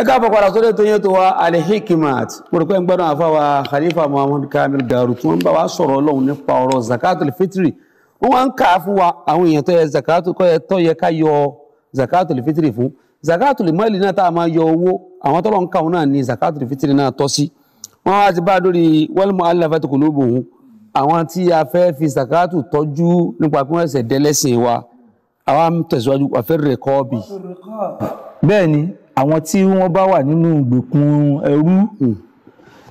ẹ káàbọ̀ padà sórí ètò yẹn tó wa Al-Hikmat pòròpẹ́ ń gbádùn àfáwà Khalifa Muhammadu Kamil Garu tí wọ́n bá wa sọ̀rọ̀ ọlọ́run nípa ọ̀rọ̀ zakatul fitri wọ́n wá ń kà á fún wa àwọn èèyàn tó yẹ zakatul kọ́ yẹ tó yẹ ká yọ zakatul fitri fún zakatul mali náà tá a máa yọ owó àwọn tọ́lọ́ ń kà wọn náà ní zakatul fitri náà tọ́ sí wọ́n wá ti bá a lórí wal mu'allafati qulubuhum àwọn tí a fẹ́ fi zakatul tọ́jú nípa pé wọ́n ẹsẹ̀ wa àwa tẹ̀síwájú àfẹ́ rẹ̀ kọ́ àwọn tí wọ́n bá wà nínú ìgbèkùn ẹrú hmm.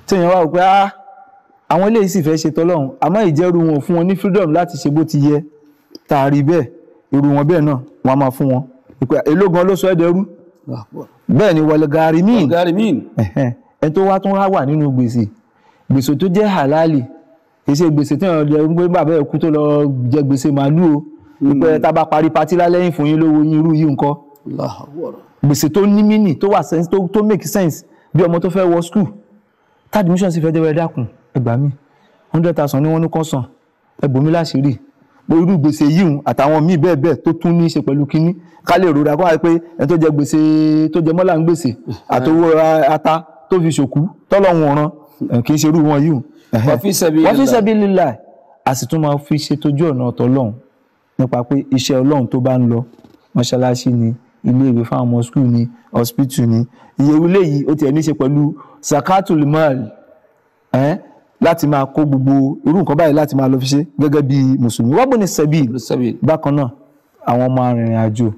tẹ̀yìn wá wò pé ah àwọn eléyìí sì fẹ́ ṣe tọ́lọ́run àmọ́ ìjẹ́rú wọn fún wọn ní freedom láti ṣe bó ti yẹ tá bẹ́ẹ̀ irú wọn bẹ́ẹ̀ náà wọ́n á máa fún wọn ìpè elógan ló sọ ẹ́ dẹrú bẹ́ẹ̀ ni wọlé garimin ẹ tó wá tún wá nínú gbèsè gbèsè tó jẹ́ halali kì í ṣe gbèsè tí wọn lè gbé bàbá ẹ̀ kú tó lọ jẹ gbèsè màálù o hmm. ìpè tá a bá parí patí lálẹ́yìn fún yín lówó yín irú yìí nǹkan gbèsè tó ní mínì tó wà sense tó tó make sense bí ọmọ tó fẹ́ wọ school tá admission sì fẹ́ dé wẹ́ẹ́ dákun ẹgbàá mi hundred thousand ní wọ́n ní kọ́ san ẹgbòmí láṣìírí irú gbèsè yìí àtàwọn míì bẹ́ẹ̀ bẹ́ẹ̀ tó tún ní í ṣe pẹ̀lú kínní ká lè rora kó wáyé pé ẹni tó jẹ gbèsè tó jẹ mọ́là ń gbèsè àtòwò ata tó fi ṣòkú tọ́lọ́hún ọ̀ràn kì í ṣe irú wọn yìí. wọ́n fi ṣẹ́bi lílà a sì tún máa fi ṣètòjú ọ̀nà ọ̀tọ̀ ọlọ́run nípa pé iṣẹ́ ọlọ́run tó bá ń lọ mọ́ṣáláṣí ni ilé ìwé fáwọn ọmọ skul ni hospital ni ìyẹ̀wò léyìí ó tiẹ̀ ní í ṣe pẹ̀lú zakatul mal ẹ́n láti máa kó gbogbo irú nǹkan báyìí láti máa lọ fi ṣe gẹ́gẹ́ bí mùsùlùmí wọ́n bó ní sabil bákan náà àwọn ọmọ arìnrìn àjò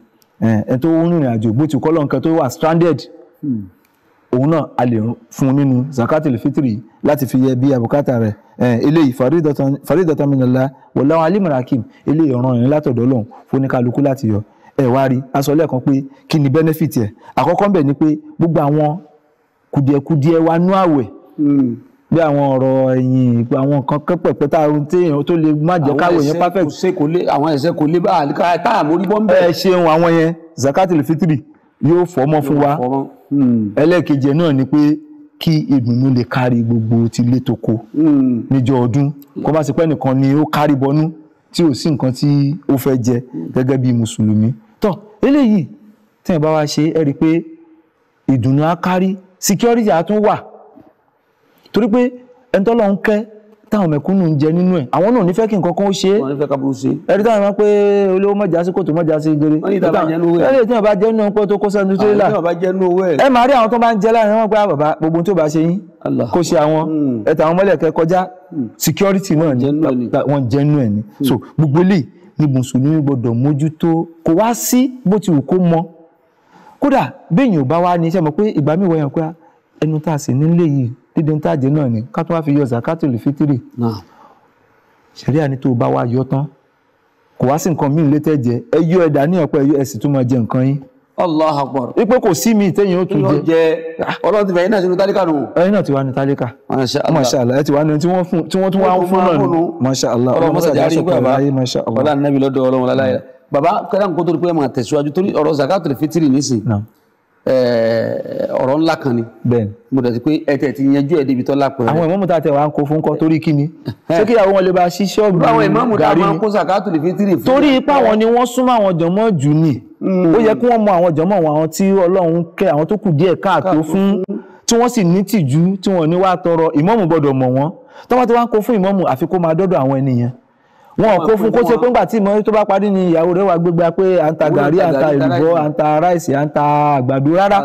ẹ̀ tó ń rìnrìn àjò bó ti kọ́ lọ́nkẹ́ tó wà stranded hmm. òun náà a lè fún un nínú zakatul fitri láti fi yẹ bí àbùkátà rẹ̀ eléyìí faridatan minallah wallahu alimul hakim eléyìí ọ̀ràn yẹn látọ̀dọ̀ Ọlọ́run fún oníkálukú láti yọ ẹ wá rí a sọ lẹ́ẹ̀kan pé kí ni benefit ẹ̀ àkọ́kọ́ ń bẹ̀ ni pé gbogbo àwọn kùdìẹ̀kùdìẹ̀ wa nú àwẹ̀ hmm. bí àwọn ọ̀rọ̀ ẹ̀yìn àwọn nǹkan kẹ́pẹ̀pẹ́ tá ohun téèyàn tó lè má jẹ́ káwé yẹn perfect. àwọn ẹ̀ṣẹ̀ kò lè bá àlíkà tá àmórí ń bẹ̀. ẹ ṣeun àwọn yẹn zakatil fitri yóò fọmọ fún wa hmm. ẹlẹ́ẹ̀kejì náà ni pé kí ìdùnnú lè kárí gbogbo ti lé toko hmm. níjọ ọdún kó bá sì pẹ́ nìkan ni ó kárí bọnú tí ò sí nǹkan tí ó fẹ́ jẹ gẹ́gẹ́ bí mùsùlùmí tọ́ eléyìí tí ẹ̀ bá wá ṣe ẹ rí i pé ìdùnnú á kárí security á tún wà torí pé ẹni tọ́lọ́ ń kẹ́ táwọn mẹ̀kúnnù ń jẹ nínú ẹ̀ àwọn náà nífẹ̀ẹ́ kí nǹkan kan ó ṣe é wọ́n nífẹ̀ẹ́ kábúrú sí i ẹ̀rí táwọn máa ń pé olówó mọ̀já sí kòtò mọ̀já sí gere ẹ̀rí tí wọ́n bá jẹ́ nínú pé tó kó sẹ́nu tó là ẹ̀ máa rí àwọn tó bá ń jẹ láàrin wọn pé ah, bàbá gbogbo tó bá ṣe yín kó ṣe àwọn hmm. ẹ̀tà àwọn mọ́lẹ̀kẹ́ kọjá hmm. security náà wọ́n jẹ́ nínú ẹ̀ ni so gbogbo eléyìí ni mùsùlùmí gbọ́dọ̀ mójútó kò wá sí bó ti wù kó mọ kódà béèyàn ò bá wá ní iṣẹ́ mọ̀ pé ìgbà míì wọ̀nyàn pé ẹnu tá a sì nílé yìí dídín tá a jẹ náà ni ká tó wá fi yọ zakatul fitiri ṣẹ̀ríà ni tó o bá wá yọ tán kò wá sí nǹkan míì létẹ́ jẹ ẹ yọ ẹ̀dá ní ọ̀pọ̀ ẹ sì tún máa jẹ nǹkan yín allah akbar wípé kò sí mi tẹ́yìn ó tún jẹ ọlọ́run ti fẹ́ iná sínú tálíkà nù. ẹyin náà ti wá ní tálíkà masha allah ẹ ti wá ní tí wọ́n fún tí wọ́n tún wá ń fún náà nù masha allah ọlọ́run mọ́sá jáde ìgbà bá ọlọ́run nàbí lọ́dọ̀ ọlọ́run láláyà mm. bàbá kẹ́lá ń kó tó pé ẹ máa tẹ̀síwájú torí ọ̀rọ̀ zakatul fitiri ó yẹ hmm. kí wọ́n mọ àwọn jọmọ wọn àwọn tí Ọlọ́run kẹ́ àwọn tó kù díẹ̀ káàtó fún tí wọ́n sì ní tìjú tí wọ́n ní wá tọrọ ìmọ̀mù gbọ́dọ̀ mọ̀ wọ́n tọ́wọ́n ti wá ń kó fún ìmọ̀mù àfi kó máa dọ́dọ̀ àwọn ènìyàn wọn kó fún kó ṣe pé ńgbà tí ìmọ̀ tó bá parí ni ìyàwó rẹ̀ wá gbégbá pé à ń ta gàrí à ń ta ìrùbọ̀ à ń ta ráìsì à ń ta àgbàdo rárá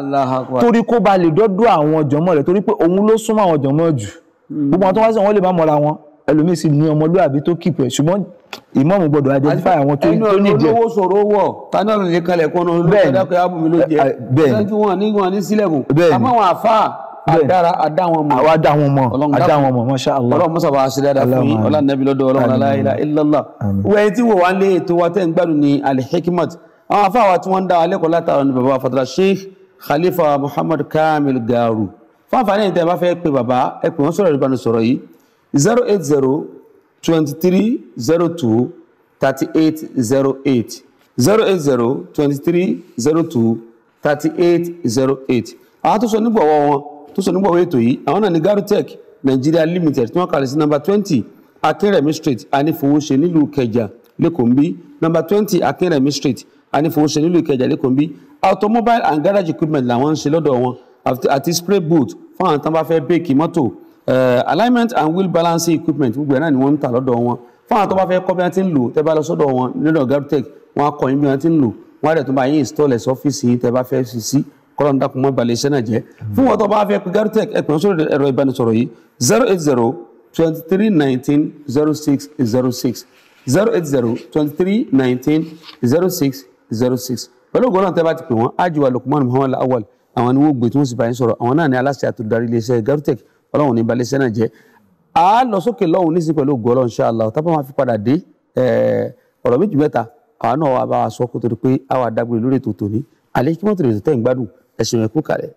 torí kó ba lè dọ́dọ̀ àwọn jọmọ rẹ̀ torí pé òun ló súnmọ́ àwọn jọmọ jù hmm. gbogbo àwọn tó wá sí wọn lè má mọra wọn ẹlòmíì sì ní ọmọlúwàbí tó kìpẹ̀ ṣùgbọ́n ìmọ̀mù gbọ́dọ̀ identify àwọn tó ní jẹ. ẹni olówó sọ̀rọ̀ wọ̀ tani ọ̀rọ̀ lè kalẹ̀ kọ́nà olùdókòdàkọ̀ yà bùnmi ló jẹ bẹ́ẹ̀ ni wọn ní wọn ní sílẹ̀kùn àmọ́ wọn àfa àdára àdá wọn mọ̀ àwa àdá wọn mọ̀ àdá wọn mọ̀ masha Allah ọlọ́run mọ́sá bá a ṣe dáadáa fún yín ọlá nàbí lọ́dọ̀ ọlọ́run aláìlá illallah wẹ́n tí wọ́n wá lé ètò wa tẹ́ ń gbádùn ní alhikimat àwọn afá wa tí wọ́n ń dá alẹ́kọ̀ọ́ látara ní baba fatara sheikh khalifa muhammad kamil garu fún àǹfààní ìtẹ́ bá fẹ́ pé baba ẹ pè wọ́n sọ̀rọ̀ ìbánisọ̀rọ̀ yìí zero eight zero 23 02 38 08 080 23 02 38 08 àwọn tó sọ nígbọ̀wọ́ wọn tó sọ nígbọ̀wọ́ ètò yìí àwọn náà ní garutech nigeria limited tí wọ́n kàlẹ̀ sí nọ́mbà 20 akínrẹ̀mí street anífowóṣe nílùú kẹjà lẹ́kọ̀ọ́ ń Number twenty 20 akínrẹ̀mí street anífowóṣe nílùú kẹjà lẹ́kọ̀ọ́ ń automobile and garage equipment làwọn ń ṣe lọ́dọ̀ wọn àti spray boot fún àwọn tán bá fẹ́ bẹ́ẹ̀kì mọ́tò Eh, alignment and wheel balancing equipment gbogbo ẹ̀ náà ni wọ́n ń tà lọ́dọ̀ wọn fún àwọn tó bá fẹ́ kọ́ bí wọ́n ti ń lò tẹ́ bá lọ sọ́dọ̀ wọn nílò garutech wọn á kọ́ yín bí wọ́n ti ń lò wọn á dẹ̀ tó bá yín install ẹ̀ sọ́fíìsì yín tẹ́ bá fẹ́ fi sí kọ́lọ́ ń dàkún mọ́ balẹ̀ iṣẹ́ náà jẹ́ fún wọn tó bá fẹ́ pe garutech ẹ̀ pẹ̀lú sórí ẹ̀rọ ìbánisọ̀rọ̀ yìí zero eight zero twenty three nineteen zero six zero six zero eight zero twenty three nineteen zero six zero six pẹ̀lú ògbọ́n náà tẹ́ bá ti pè wọ́n ájúwà Lukman Muhammad Awal àwọn ni wọ́n gbé tí wọ́n sì bá yín sọ̀rọ̀ àwọn náà ni aláṣẹ àtòdarí iléeṣẹ́ garutech ọlọ́run ní balẹ̀ iṣẹ́ náà jẹ́ a lọ sókè lọ́hùn nísìn pẹ̀lú ògo ọlọ́run insha Allah tábà máa fi padà dé ọ̀rọ̀ méjì mẹ́ta àwa náà wà bá wa sọ kó torí pé àwa dágbére lórí ètò tòní Al Hikmat ètò tẹ̀ ń gbádùn ẹ̀sìn ẹ̀kú kalẹ̀.